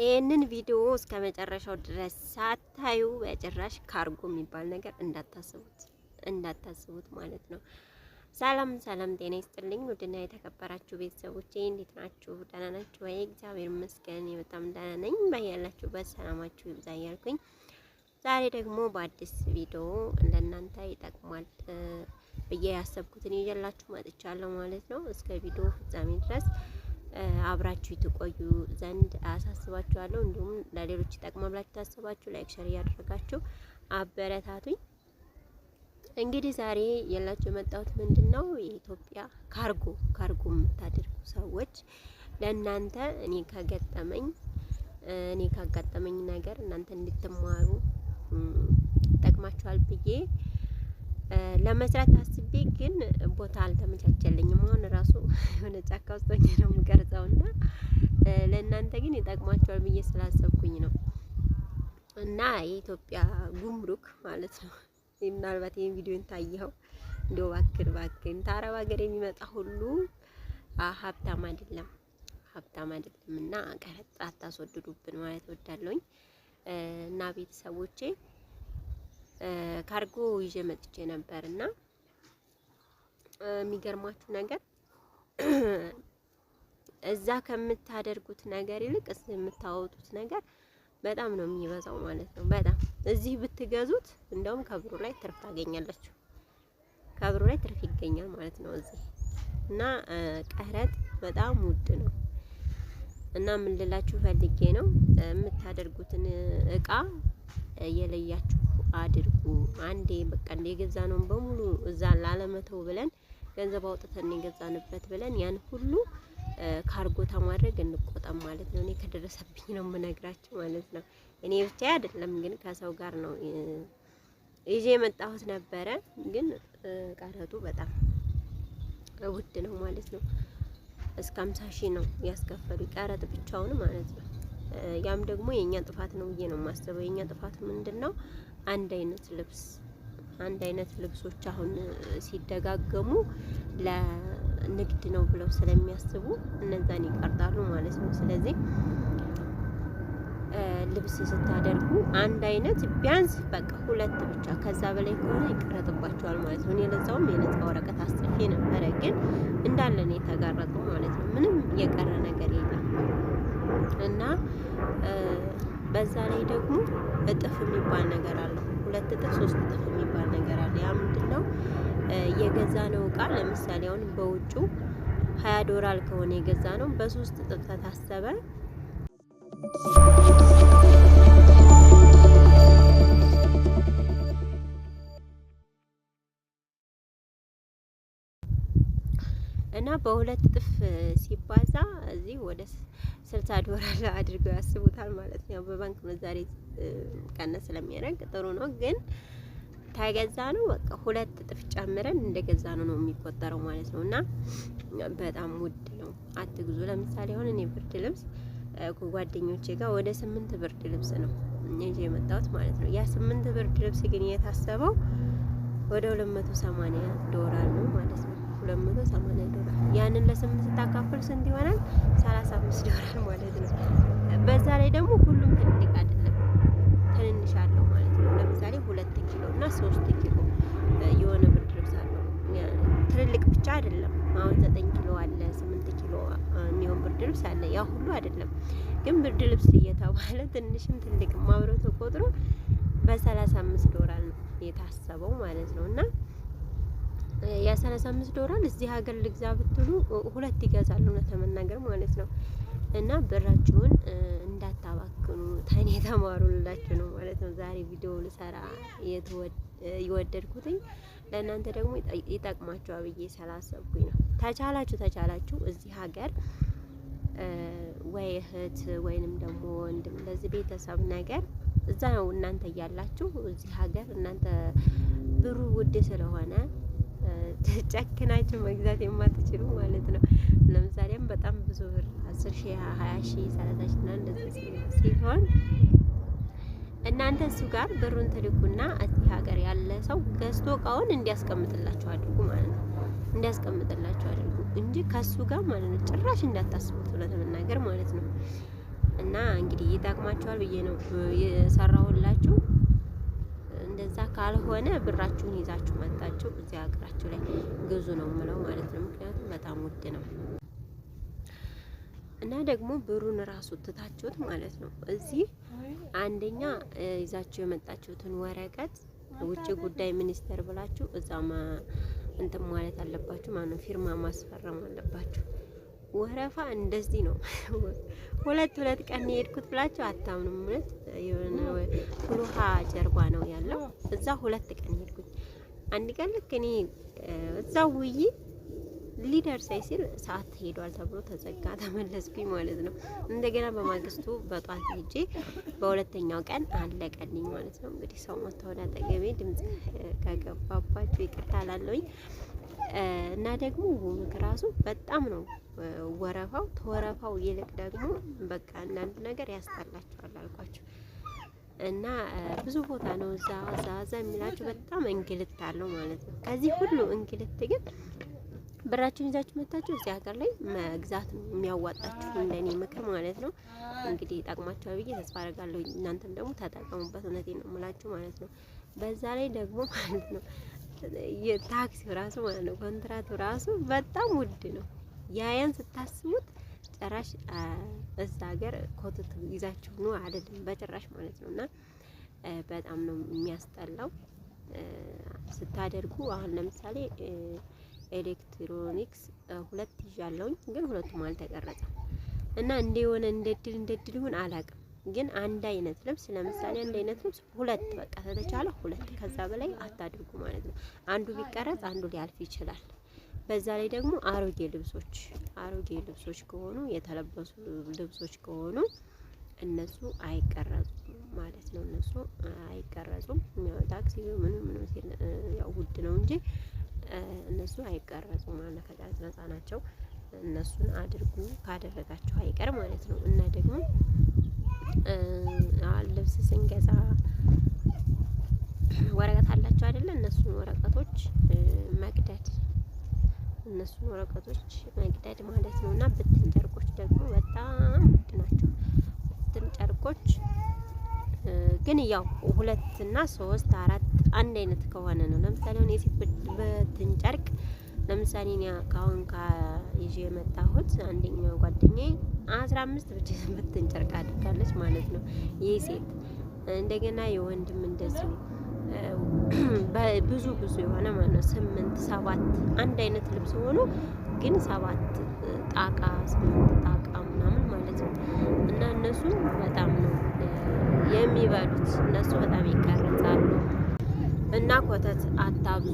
ይህንን ቪዲዮ እስከ መጨረሻው ድረስ ሳታዩ በጭራሽ ካርጎ የሚባል ነገር እንዳታስቡት እንዳታስቡት ማለት ነው። ሰላም ሰላም፣ ጤና ይስጥልኝ ውድና የተከበራችሁ ቤተሰቦቼ እንዴት ናችሁ? ደህና ናችሁ ወይ? እግዚአብሔር ይመስገን በጣም ደህና ነኝ። ባያላችሁበት ሰላማችሁ ይብዛ እያልኩኝ ዛሬ ደግሞ በአዲስ ቪዲዮ ለእናንተ ይጠቅማል ብዬ ያሰብኩትን ይዤላችሁ መጥቻለሁ ማለት ነው። እስከ ቪዲዮ ፍጻሜ ድረስ አብራችሁ የተቆዩ ዘንድ አሳስባችኋለሁ። እንዲሁም ለሌሎች ጠቅማ ብላችሁ ታስባችሁ ላይክ፣ ሸር እያደረጋችሁ አበረታቱኝ። እንግዲህ ዛሬ የላችሁ የመጣሁት ምንድን ነው የኢትዮጵያ ካርጎ ካርጎ የምታደርጉ ሰዎች ለእናንተ እኔ ከገጠመኝ እኔ ካጋጠመኝ ነገር እናንተ እንድትማሩ ይጠቅማችኋል ብዬ ለመስራት አስቤ ግን ቦታ አልተመቻቸልኝም። አሁን ራሱ የሆነ ጫካ ውስጥ ሆኜ ነው የምቀርጸው እና ለእናንተ ግን ይጠቅማቸዋል ብዬ ስላሰብኩኝ ነው። እና የኢትዮጵያ ጉምሩክ ማለት ነው። ምናልባት ይህን ቪዲዮ ታየኸው እንደ እባክህን እባክህን ታረብ ሀገር የሚመጣ ሁሉ ሀብታም አይደለም ሀብታም አይደለም። እና ቀረጥ አታስወድዱብን ማለት ወዳለሁኝ እና ቤተሰቦቼ ካርጎ ይዤ መጥቼ ነበር እና የሚገርማችሁ ነገር እዛ ከምታደርጉት ነገር ይልቅ እስ የምታወጡት ነገር በጣም ነው የሚበዛው ማለት ነው። በጣም እዚህ ብትገዙት እንደውም ከብሩ ላይ ትርፍ ታገኛላችሁ። ከብሩ ላይ ትርፍ ይገኛል ማለት ነው እዚህ እና ቀረጥ በጣም ውድ ነው እና ምን ልላችሁ ፈልጌ ነው የምታደርጉትን እቃ የለያችሁ አድርጉ። አንዴ በቃ እንደ የገዛ ነውን በሙሉ እዛ ላለመተው ብለን ገንዘብ አውጥተን የገዛንበት ብለን ያን ሁሉ ካርጎታ ማድረግ እንቆጠም ማለት ነው። እኔ ከደረሰብኝ ነው የምነግራችሁ ማለት ነው። እኔ ብቻ አይደለም ግን ከሰው ጋር ነው ይዤ የመጣሁት ነበረ። ግን ቀረጡ በጣም ውድ ነው ማለት ነው። እስከ 50 ሺህ ነው ያስከፈሉ ቀረጥ ብቻውን ማለት ነው። ያም ደግሞ የኛ ጥፋት ነው ብዬ ነው የማስበው። የኛ ጥፋት ምንድን ነው? አንድ አይነት ልብስ አንድ አይነት ልብሶች አሁን ሲደጋገሙ ለንግድ ነው ብለው ስለሚያስቡ እነዛን ይቀርጣሉ ማለት ነው። ስለዚህ ልብስ ስታደርጉ አንድ አይነት ቢያንስ በቃ ሁለት ብቻ ከዛ በላይ ከሆነ ይቀረጥባቸዋል ማለት ነው። የነዛውም የነጻ ወረቀት አስጥፌ ነበረ፣ ግን እንዳለን የተጋረጠው ማለት ነው። ምንም የቀረ ነገር የለም እና በዛ ላይ ደግሞ እጥፍ የሚባል ነገር አለው። ሁለት እጥፍ ሶስት እጥፍ የሚባል ነገር አለ። ያ ምንድን ነው? የገዛ ነው እቃ ለምሳሌ አሁን በውጩ ሀያ ዶላር ከሆነ የገዛ ነው በሶስት እጥፍ ተታሰበ እና በሁለት እጥፍ ሲባዛ ስለዚህ ወደ ስልሳ ዶላር አድርገው ያስቡታል ማለት ነው። በባንክ ምንዛሬ ቀነስ ስለሚያደርግ ጥሩ ነው ግን ከገዛ ነው በቃ ሁለት እጥፍ ጨምረን እንደገዛ ነው ነው የሚቆጠረው ማለት ነው። እና በጣም ውድ ነው፣ አትግዙ። ለምሳሌ አሁን እኔ ብርድ ልብስ ጓደኞቼ ጋር ወደ ስምንት ብርድ ልብስ ነው እ የመጣሁት ማለት ነው። ያ ስምንት ብርድ ልብስ ግን የታሰበው ወደ ሁለት መቶ ሰማንያ ዶላር ነው ማለት ነው። ሁለት መቶ ሰማንያ ዶላር ያንን ለስምንት ስታካፍል ስንት ይሆናል? ሰላሳ አምስት ዶላር ማለት ነው። በዛ ላይ ደግሞ ሁሉም ትልቅ አይደለም ትንንሽ አለው ማለት ነው። ለምሳሌ ሁለት ኪሎ እና ሶስት ኪሎ የሆነ ብርድ ልብስ አለው። ትልልቅ ብቻ አይደለም። አሁን ዘጠኝ ኪሎ አለ፣ ስምንት ኪሎ የሚሆን ብርድ ልብስ አለ። ያ ሁሉ አይደለም ግን ብርድ ልብስ እየተባለ ትንሽም ትልቅ ማብረው ተቆጥሮ በሰላሳ አምስት ዶላር ነው የታሰበው ማለት ነው እና የሰላሳ አምስት ዶላር እዚህ ሀገር ልግዛ ብትሉ ሁለት ይገዛሉ እውነት ማለት ነው። እና ብራችሁን እንዳታባክኑ ተኔ ተማሩላችሁ ነው ማለት ነው። ዛሬ ቪዲዮ ልሰራ የወደድኩትኝ ለእናንተ ደግሞ ይጠቅማችኋል ብዬ ስላሰብኩኝ ነው። ተቻላችሁ ተቻላችሁ እዚህ ሀገር ወይ እህት ወይንም ደግሞ ወንድም ለዚህ ቤተሰብ ነገር እዛ ነው እናንተ እያላችሁ እዚህ ሀገር እናንተ ብሩ ውድ ስለሆነ ጨክናችሁ መግዛት የማትችሉ ማለት ነው። ለምሳሌም በጣም ብዙ ብር አስር ሺ ሀያ ሺ ሰላሳ ሺ ና እንደዚህ ሲሆን እናንተ እሱ ጋር ብሩን ትልኩና እዚህ ሀገር ያለ ሰው ገዝቶ እቃውን እንዲያስቀምጥላችሁ አድርጉ ማለት ነው። እንዲያስቀምጥላችሁ አድርጉ እንጂ ከሱ ጋር ማለት ነው ጭራሽ እንዳታስቡት ብለ ለመናገር ማለት ነው። እና እንግዲህ ይጠቅማችኋል ብዬ ነው የሰራሁላችሁ። እንደዛ ካልሆነ ብራችሁን ይዛችሁ መጣችሁ እዚህ ሀገራችሁ ላይ ግዙ ነው ምለው ማለት ነው። ምክንያቱም በጣም ውድ ነው እና ደግሞ ብሩን ራሱ ትታችሁት ማለት ነው። እዚህ አንደኛ ይዛችሁ የመጣችሁትን ወረቀት ውጭ ጉዳይ ሚኒስቴር ብላችሁ እዛ እንትን ማለት አለባችሁ ማነው ፊርማ ማስፈረም አለባችሁ። ወረፋ እንደዚህ ነው። ሁለት ሁለት ቀን የሄድኩት ብላችሁ አታምኑም። እውነት የሆነ ፍሉሃ ጀርባ ነው ያለው። እዛ ሁለት ቀን የሄድኩት አንድ ቀን ልክ እኔ እዛው ሊደር ሊደርሰኝ ሲል ሰዓት ሄዷል ተብሎ ተዘጋ። ተመለስኩኝ ማለት ነው። እንደገና በማግስቱ በጧት ሄጄ በሁለተኛው ቀን አለቀልኝ ማለት ነው። እንግዲህ ሰው መተወዳ አጠገቤ ድምጽ ከገባባችሁ ይቅርታ አላለሁኝ። እና ደግሞ ጉምክ ራሱ በጣም ነው ወረፋው። ተወረፋው ይልቅ ደግሞ በቃ አንዳንድ ነገር ያስጠላቸዋል አልኳቸው። እና ብዙ ቦታ ነው እዛ እዛ እዛ የሚላቸው በጣም እንግልት አለው ማለት ነው። ከዚህ ሁሉ እንግልት ግን ብራችሁን ይዛችሁ መታችሁ እዚህ ሀገር ላይ መግዛት ነው የሚያዋጣችሁ፣ እንደኔ ምክር ማለት ነው። እንግዲህ ይጠቅማችኋል ብዬ ተስፋ አደርጋለሁ። እናንተም ደግሞ ተጠቀሙበት። እውነቴን ነው የምላችሁ ማለት ነው። በዛ ላይ ደግሞ ማለት ነው የታክሲው ራሱ ማለት ነው ኮንትራቱ ራሱ በጣም ውድ ነው። ያያን ስታስቡት ጭራሽ እዛ ሀገር ኮትት ይዛችሁ ነው አይደለም በጭራሽ ማለት ነውና በጣም ነው የሚያስጠላው ስታደርጉ። አሁን ለምሳሌ ኤሌክትሮኒክስ ሁለት ይዣለሁኝ፣ ግን ሁለቱም አልተቀረጸም እና እንደ የሆነ እንደ ድል እንደ ድል ይሁን አላውቅም ግን አንድ አይነት ልብስ ለምሳሌ አንድ አይነት ልብስ ሁለት በቃ ተተቻለ ሁለት ከዛ በላይ አታድርጉ ማለት ነው። አንዱ ቢቀረጽ አንዱ ሊያልፍ ይችላል። በዛ ላይ ደግሞ አሮጌ ልብሶች አሮጌ ልብሶች ከሆኑ የተለበሱ ልብሶች ከሆኑ እነሱ አይቀረጹም ማለት ነው። እነሱ አይቀረጹም። ታክሲ ምን ምኑ ያው ውድ ነው እንጂ እነሱ አይቀረጹም ማለት ከጫጭ ነጻ ናቸው። እነሱን አድርጉ ካደረጋችሁ አይቀር ማለት ነው እና ደግሞ ልብስ ስንገዛ ወረቀት አላቸው አይደለ? እነሱን ወረቀቶች መቅደድ እነሱን ወረቀቶች መቅደድ ማለት ነው። እና ብትን ጨርቆች ደግሞ በጣም ውድ ናቸው። ብትን ጨርቆች ግን ያው ሁለት እና ሶስት አራት አንድ አይነት ከሆነ ነው። ለምሳሌ አሁን የሴት ብትን ጨርቅ ለምሳሌ እኔ ከአሁን የመጣሁት አንደኛው ጓደኛዬ አስራ አምስት ብቻ ብትን ጨርቅ አድርጋለች ማለት ነው። ይህ ሴት እንደገና የወንድም እንደዚሁ ብዙ ብዙ የሆነ ማለት ነው። ስምንት ሰባት አንድ አይነት ልብስ ሆኖ ግን ሰባት ጣቃ ስምንት ጣቃ ምናምን ማለት ነው። እና እነሱ በጣም ነው የሚበሉት። እነሱ በጣም ይቀረጻሉ። እና ኮተት አታብዙ።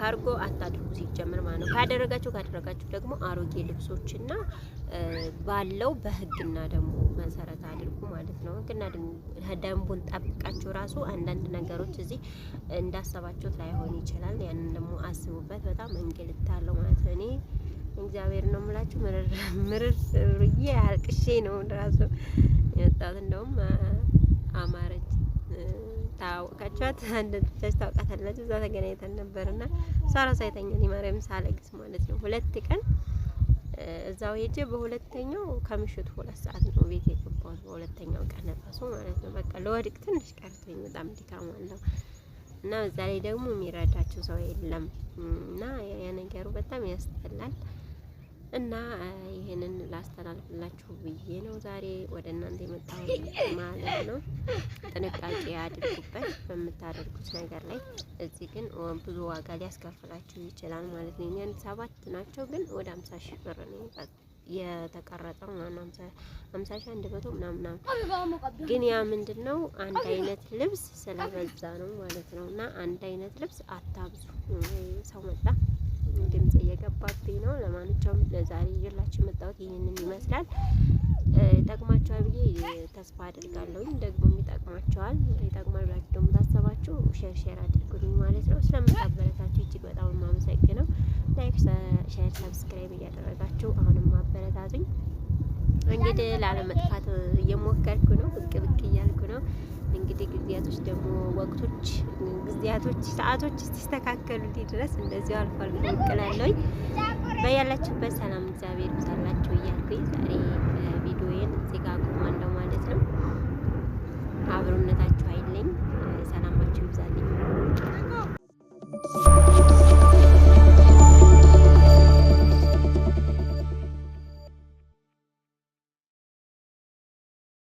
ካርጎ አታድርጉ ሲጀምር ማለት ነው። ካደረጋችሁ ካደረጋችሁ ደግሞ አሮጌ ልብሶችና ባለው በህግና ደግሞ መሰረት አድርጉ ማለት ነው። ህግና ደንቡን ጠብቃችሁ ራሱ አንዳንድ ነገሮች እዚህ እንዳሰባችሁት ላይሆን ይችላል። ያንን ደግሞ አስቡበት። በጣም እንግልት አለው ማለት ነው። እኔ እግዚአብሔር ነው የምላችሁ ምርር ብዬ አልቅሼ ነው ራሱ የወጣሁት። እንደውም አማረች አንድ አንዳንዶቻችሁ ታውቃታላችሁ። እዛ ተገናኝተን ነበር ና እሷ ራሷ የተኛን ማርያም ሳለቅስ ማለት ነው። ሁለት ቀን እዛው ሄጄ በሁለተኛው ከምሽቱ ሁለት ሰዓት ነው ቤት የገባሁት። በሁለተኛው ቀን ራሱ ማለት ነው በቃ ለወድቅ ትንሽ ቀርቶኝ በጣም ድካም አለው እና በዛ ላይ ደግሞ የሚረዳቸው ሰው የለም እና ያ ነገሩ በጣም ያስጠላል። እና ይህንን ላስተላልፍላችሁ ብዬ ነው ዛሬ ወደ እናንተ የመጣሁ ማለት ነው። ጥንቃቄ አድርጉበት በምታደርጉት ነገር ላይ። እዚህ ግን ብዙ ዋጋ ሊያስከፍላችሁ ይችላል ማለት ነው። እኛን ሰባት ናቸው ግን ወደ አምሳ ሺህ ብር ነው የተቀረጠው ማለት አምሳ ሺህ አንድ መቶ ምናምን ግን ያ ምንድን ነው አንድ አይነት ልብስ ስለበዛ ነው ማለት ነው። እና አንድ አይነት ልብስ አታብዙ። ሰው መጣ ድምጽ እየገባብኝ ነው። ለማንኛውም ለዛሬ ይዤላችሁ የመጣሁት ይህንን ይመስላል። ይጠቅማችኋል ብዬ ተስፋ አድርጋለሁኝ። ደግሞ ይጠቅማችኋል። ይጠቅማል ብላችሁ ደግሞ ታሰባችሁ ሼር ሼር አድርጉልኝ ማለት ነው። ስለምታበረታችሁ እጅግ በጣም የማመሰግነው። ላይክ፣ ሼር፣ ሰብስክራይብ እያደረጋችሁ አሁንም ማበረታቱኝ። እንግዲህ ላለመጥፋት እየሞከርኩ ነው፣ ብቅ ብቅ እያልኩ ነው። እንግዲህ ጊዜያቶች ደግሞ ወቅቶች፣ ጊዜያቶች፣ ሰዓቶች እስኪስተካከሉ ድረስ እንደዚያው አልፎ አልፎ እቅላለሁ። በያላችሁበት ሰላም